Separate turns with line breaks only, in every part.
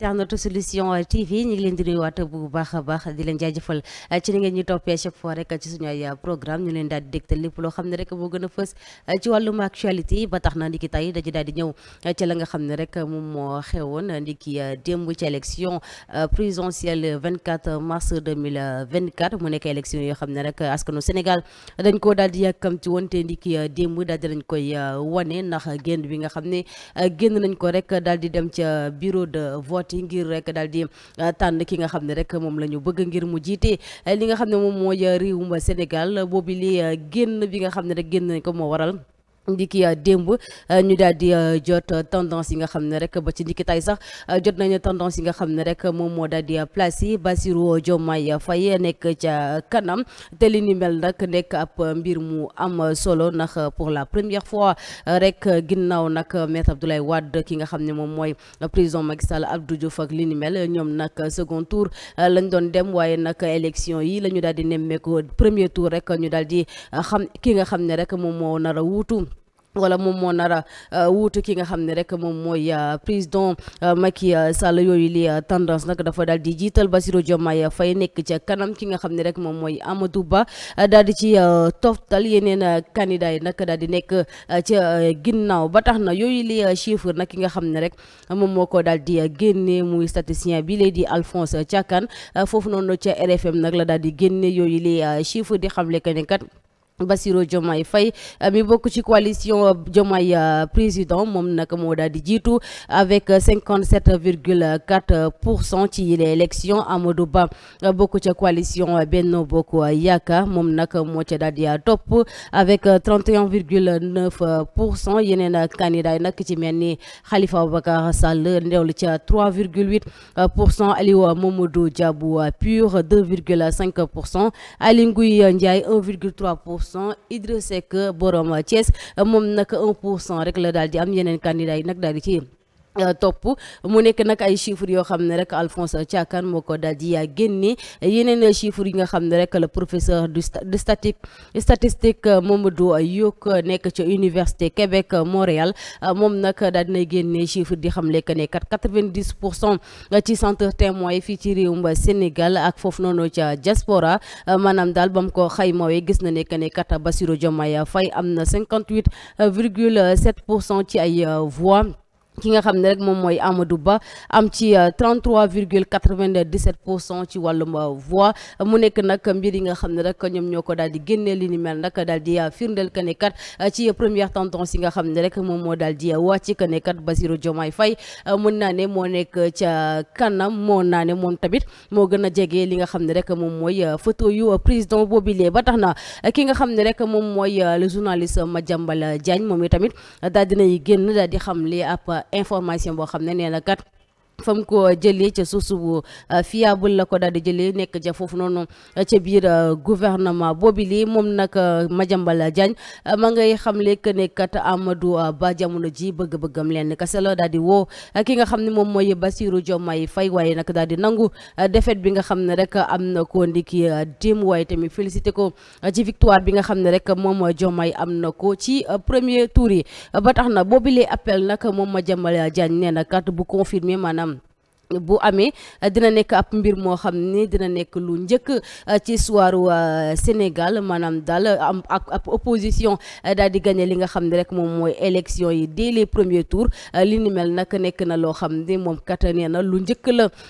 internet solution TV ñu ngi leen di nuyuwaat bu baax a baax di leen jaajëfal ah, ci ni ngeen ñu toppee chaque fois rek ci suñu ay ah, programme ñu leen daal di dégtal lépp loo a ah, ba tax na ndiki ndiki ndiki démb daal di koy wane ndax génn bi nga xam ne génn nañ ko rek dem ca bureau de vote sotti ngir rek daal di uh, tànn ki nga xam ne rek moom la ñu bëgg ngir mu jiite li nga xam ne moom mooy uh, réewum Sénégal boobu li uh, génn bi nga xam ne rek génn nañ ko moo waral ndiki euh, démb euh, ñu daal di euh, jot tendance yi nga xam ne rek ba ci ndiki tay sax jot nañu tendance yi nga xam ne rek moom moo daal di place yi Bassirou Diomaye Faye nekk ca kanam te li ni nag nekk ab mbir mu am solo nax pour la première fois rek ginnaaw nag maître Abdoulaye Wade ki nga xam ne moom mooy président Macky Sall Abdou Diouf ak li ni mel ñoom nag second tour lañ doon dem waaye nag élection yi la ñu daal di nemmeeku premier tour rek ñu daal di xam ki nga xam ne rek moom moo nar a wuutu wala moom moo nara euh, wuutu ki nga xam ne rek moom mooy euh, président euh, Macky Sall yooyu li tendance nag dafa daal di jiital Bassirou Diomaye fay nekk ca kanam ki nga xam ne rek moom mooy Amadou Ba daal di ci toftal yeneen candidat yi nag daal di nekk ca ginnaaw ba tax na yooyu li chiffre nag ki nga xam ne rek moom moo ko daal di génne muy statisticien bi lay di Alphonse Thiakane foofu noonu ca RFM nag la daal di génne yooyu li chiffre di xamle que ne Bassirou Diomaye Faye euh, mi bokk ci coalition euh, Diomaye euh, président moom nag moo daal di jiitu avec cinquante sept virgule quatre pour cent ci les élections Ba bokk ca coalition Benno Bokk Yaakaar moom nag moo ca daal di topp avec trente et un pour cent yeneen candidat yi nag ci mel ni Khalifa Ababacar Sall ndewlu ca trois virgule huit pour cent Aliou Mamadou Dia bu PUR pour cent Aly Ngouille Ndiaye cent Idrissa Seck borom Thiès moom nag un pour cent rek la daal di am yeneen candidat yi nag daal di ci Euh, topp mu nekk nag ay chiffres yoo xam ne rek Alphonse Thiakane moo ko daal di génne yeneen chiffres yi nga xam ne rek la professeur de statique statistique euh, Mamadou yokk nekk ca université Québec Montréal euh, moom nag daal nay génne chiffre di xam lekk ne kat 90 pour cent ci centre témoin fii ci réewum Sénégal ak foofu noono ca diaspora maanaam daal ba mu ko xaymawee gis na nekk ne bassiro Bassirou Diomaye fay am na 58 virgule 7 pour cent ci ay voix ki nga xam ne rek moom mooy Amadou Ba am ci 33 euh, virgule 97 pour cent ci wàllum euh, voix mu nekk nag mbir yi nga xam ne rek ñoom ñoo ko daal di génnee li ni mel nag daal di euh, firndeel que ne kat ci première tendance yi nga xam ne rek moom moo daal di wàcc que ne kat Basirou Diomaye Faye mën naa ne moo nekk ca kanam moo naa ne moom tamit moo gën a jege li nga xam ne rek moom mooy photo yu président boobilee ba tax na ki nga xam ne rek moom mooy le journaliste Madiambal Diagne moom i tamit daal dinay génn daal di xam li ab information boo xam ne nee na kat fa mu ko jëlee ca suuf su euh, fiable la ko daal di jëlee nekk ja foofu noonu euh, ca biir euh, gouvernement boobi lii moom nag Madiambal Diagne ma ngay xamle que ne kat Amadou Ba jamono ji bëgg-bëggam lenn kese la daal di woo ki nga xam ne moom mooy Bassirou Diomaye Faye way nag daal di nangu défaite bi nga xam ne rek am na ko ndiki démb waaye tamit félicité ko ci bi nga xam ne rek moom Diomaye am na ko ci premier tour yi na boobi appel nag moom Madiambal Diagne nee na bu confirmé maanaam bu amee dina nekk ab mbir moo xam ne dina nekk lu njëkk euh, ci soiru euh, Sénégal maanaam daal am ab opposition euh, daal di gagné li nga xam ne rek moom mooy élection yi dès les premiers tours li ni mel nag nekk na loo xam ne moom kat nee na lu njëkk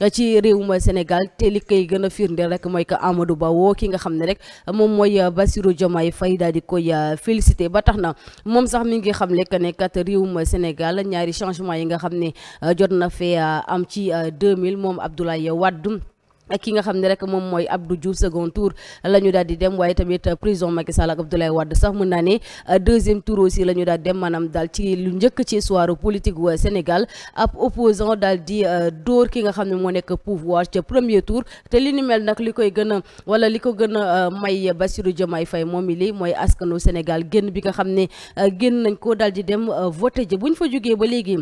la ci réewum Sénégal te li kay gën a firndeel rek mooy que Amadou Ba woo ki nga xam ne rek moom mooy Bassirou Diomaye Faye daal di koy félicité ba tax na moom sax mi ngi xam le que ne kat réewum Sénégal ñaari changement yi nga xam ne 2000 moom Abdoulaye Wade ki nga xam ne rek moom mooy Abdou Diouf second tour la ñu daal di dem waaye tamit prison Macky Sall ak Abdoulaye Wade sax mën naa ne euh, deuxième tour aussi la ñu daal dem maanaam daal ci lu njëkk ci histoire politique wu Sénégal ab opposant daal di euh, dóor ki nga xam ne moo nekk pouvoir ca premier tour te li ni mel nag li koy gën a wala li ko gën a euh, may Bassirou Diomaye fay moom i li mooy askanu Sénégal génn bi nga xam ne génn nañ ko daal di dem voté ji buñ fa jógee ba léegi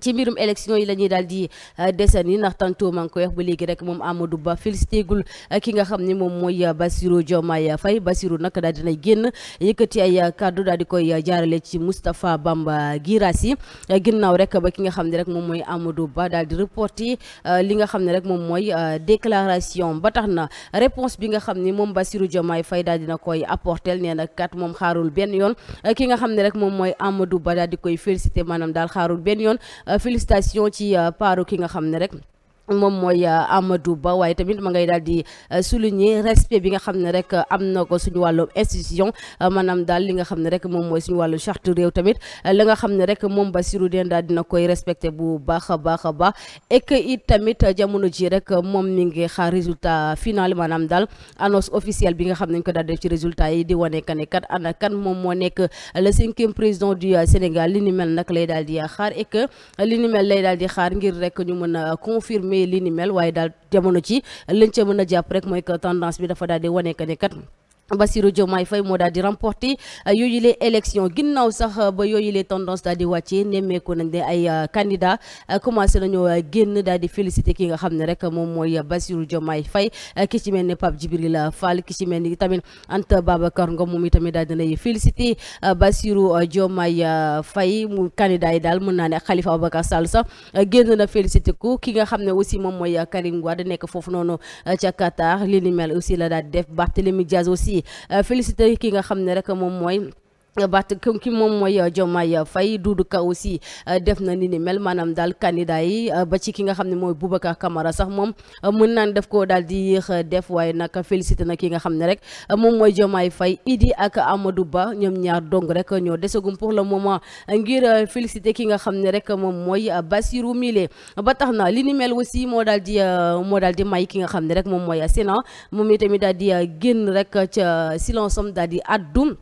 ci mbirum élection yi la ñuy daal di euh, desen yi ndax maa ngi koy wax ba léegi rek moom Amadou Ba félicité gul euh, ki nga xam ni moom mooy euh, Bassirou Diomaye Faye Bassirou nag daal dinay génn yëkkati ay kaddu daal di koy jaarale ci Moustapha Bamba Guirassi ginnaaw rek ba ki nga xam ne rek moom mooy Amadou Ba daal di reporté li nga xam ne rek moom mooy déclaration ba tax na réponse bi nga xam ne moom Bassirou Diomaye Faye daal dina koy apporter nee na kat moom xaarul benn yoon ki nga xam ne rek moom mooy Amadou Ba daal di koy félicité maanaam daal xaarul benn yoon Euh, félicitation ci euh, paro ki nga xam ne rek moom mooy euh, Amadou Ba waaye tamit ma ngay daal di euh, souligner respect bi nga xam ne rek euh, am na ko suñu wàllu institution maanaam daal li nga xam ne rek moom mooy suñu wàllu charte réew tamit la nga xam ne rek moom Bassirou Diène daal dina koy respecté bu baax a baax a ba et it tamit jamono ji rek moom mi ngi xaar résultat final maanaam daal annonce officielle bi nga xam ne ñu ko daal def ci résultat yi di wane que ne kat ana kan moom moo nekk le cinquième président du Sénégal li di xaar et que li ni mel lay daal di a jëmee li ni mel waaye daal jamono ci lañ ca mën a jàpp rek mooy que tendance bi dafa daal di wane que ne kat Bassirou Diomaye Faye moo daal di remporté euh, yooyu les élections ginnaaw sax euh, ba yooyu les tendance daal di wàccee nemmeeku nañ ne ay euh, candidat commencé nañoo génn daal di félicité ki nga xam ne rek moom mooy Bassirou Diomaye Faye ki ci mel ne Pape Djibril Fall ki ci mel ni tamit Anta Babacar Ngom moom itamit daal di lay félicité Bassirou Diomaye Faye mu candidat yi daal mën naa ne Khalifa Ababacar Sall sax génn na félicité ko ki nga xam ne aussi moom mooy Karim Wade nekk foofu noonu ca Qatar li ni mel aussi la daal di def Barthélémy Diaz aussi yi euh, félicité ki nga xam ne rek moom mooy bat ki moom mooy euh, Diomaye Faye Doudou Ka aussi euh, def na ni ni mel maanaam daal candidat yi euh, ba ci ki nga xam ne mooy Boubacar kamara sax moom mën naan def ko daal di yéex def waaye nag félicité na ki nga xam ne rek moom mooy Diomaye fay Idi ak amadu Ba ñoom ñaar dong rek ñoo desagum pour le moment ngir félicité ki nga xam ne rek moom mooy Bassirou Mile ba tax na li ni mel aussi moo daal di moo daal di may ki nga xam ne rek moom mooy a Sénat moom itamit daal di génn rek ca silence am daal di addum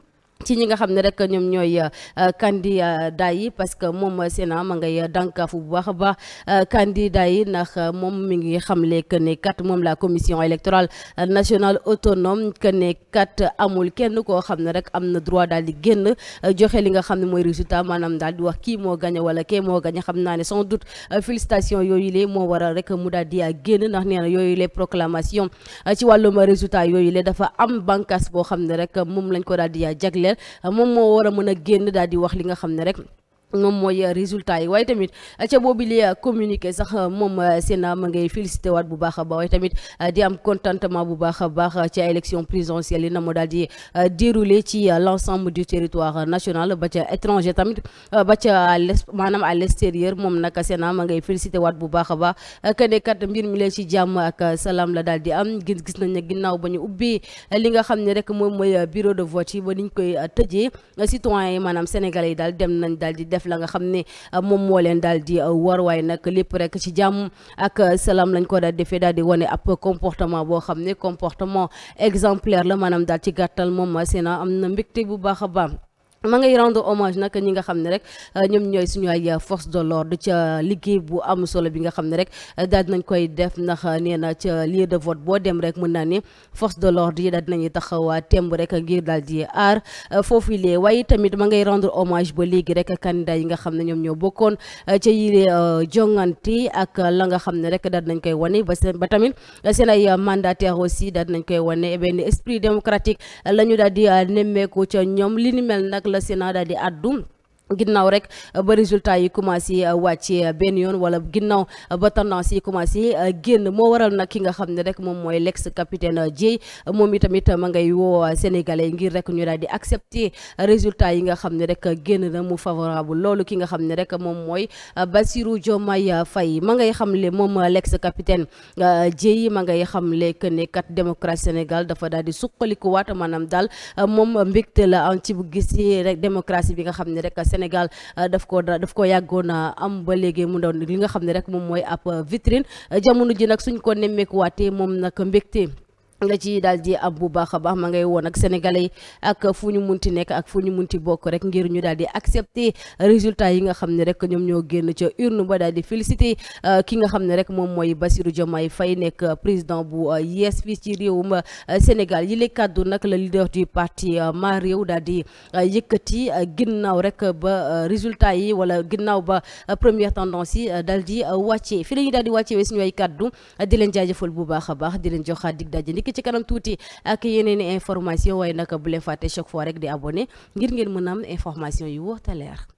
ci ñi nga xam ne rek ñoom ñooy euh, candidat yi parce que moom Sénat ma ngay dànkaafu bu baax a baax euh, candidat yi ndax moom mi ngi xamle que ne kat moom la commission électorale national autonome que ne kat amul kenn koo xam ne rek am na droit daal di génn euh, joxe li nga xam ne mooy résultat maanaam daal di wax kii moo gañe wala ke moo gañe xam naa ne sans doute félicitation yooyu lee moo waral rek mu daal di génn ndax nee na yooyu les proclamation ci wàllum résultat yooyu lee dafa am bànqaas boo xam ne rek moom lañ ko daal di jagleel moom moo war a mën a génn daal di wax li nga xam ne rek moom mooy euh, résultat yi waaye tamit euh, ca boobu li euh, communiqué ma ngay félicité waat bu baax a baax waaye tamit di am contentement bu baax a baax ci élection présidentielle yi na mu daal l' ensemble du territoire national ba ca étranger tamit ba ca maanaam à l' extérieur moom nag Sénat ma ngay félicité waat bu baax a baax que ne kat mbir ci jàmm ak salaam la daal di am gis gis nañ ne ginnaaw ba ñu ubbi li nga xam ne rek moom mooy bureau de vote yi ba niñ a tëjee citoyen yi maanaam sénégalais yi dem nañ daal def. def la nga xam ne euh, moom moo leen daal di euh, war waaye nag lépp rek ci jàmm ak salaam lañ ko daal defee daal di wane ab comportement boo xam ne comportement exemplaire la maanaam daal ci gàttal moom Sénat am na mbégte bu ba a baax ma ngay rendre hommage nag ñi nga xam ne rek euh, ñoom ñooy suñu ay euh, force de l'ordre ca euh, liggéey bu am solo bi nga xam ne rek daal dinañ koy def ndax nee na ca lieu de vote boo dem rek mën naa ni force de l'ordre yi daal dinañuy taxawaa temb rek ngir daal di aar foofu lee waaye tamit ma ngay rendre hommage ba léegi rek candidat yi nga xam ne ñoom ñoo bokkoon ca yile jongante ak la nga xam ne rek daal dinañ koy wane ba seen ba tamit seen ay mandataire aussi daal dinañ koy wane eh benn esprit démocratique la ñu daal di nemmeeku ca ñoom li ni mel nag yàlla si na daal di ginnaaw rek ba résultat yi commencé euh, wàcce euh, benn yoon wala ginnaaw euh, ba tendance yi commencé génn moo waral nag ki nga xam ne rek moom mooy l'ex a Dieye moom itamit ma ngay woo sénégalais ngir rek ñu daal di accepter résultat yi nga xam ne rek génn na mu favorable loolu ki nga xam ne rek moom mooy Bassirou Diomaye Faye ma ngay xamle moom l'ex capitaine Dieye ma ngay xamle que ne kat démocratie Sénégal dafa daal di suqalikuwaat maanaam daal moom mbégte la en ci démocratie bi nga xam ne rek Sénégal euh, daf koo daf koo yàggoon euh, am ba léegi mu doon li nga xam ne rek moom mooy ab vitrine euh, jamono ji nag suñ ko nemmeekuwaatee moom nag mbégte la ci daal di am bu baax a baax ma ngay woon ak sénégalais yi ak fu ñu munti nekk ak fu ñu munti bokk rek ngir ñu daal di accepter résultat yi nga xam ne rek ñoom ñoo génn ca urne ba daal di féliciter euh, ki nga xam ne rek moom mooy Bassirou Diomaye fay nekk président bu yees euh, fii ci réewum euh, Sénégal yi la kàddu nag la leader du parti ma réew daal di yëkkati ginnaaw rek ba résultat yi wala ginnaaw ba première tendance yi daal di wàccee fii la ñuy daal di wàccee suñu a ci kanam tuuti ak yeneen i information waaye naka bu leen fàtte chaque rek di abone ngir ngeen mën a am information yu wóor leer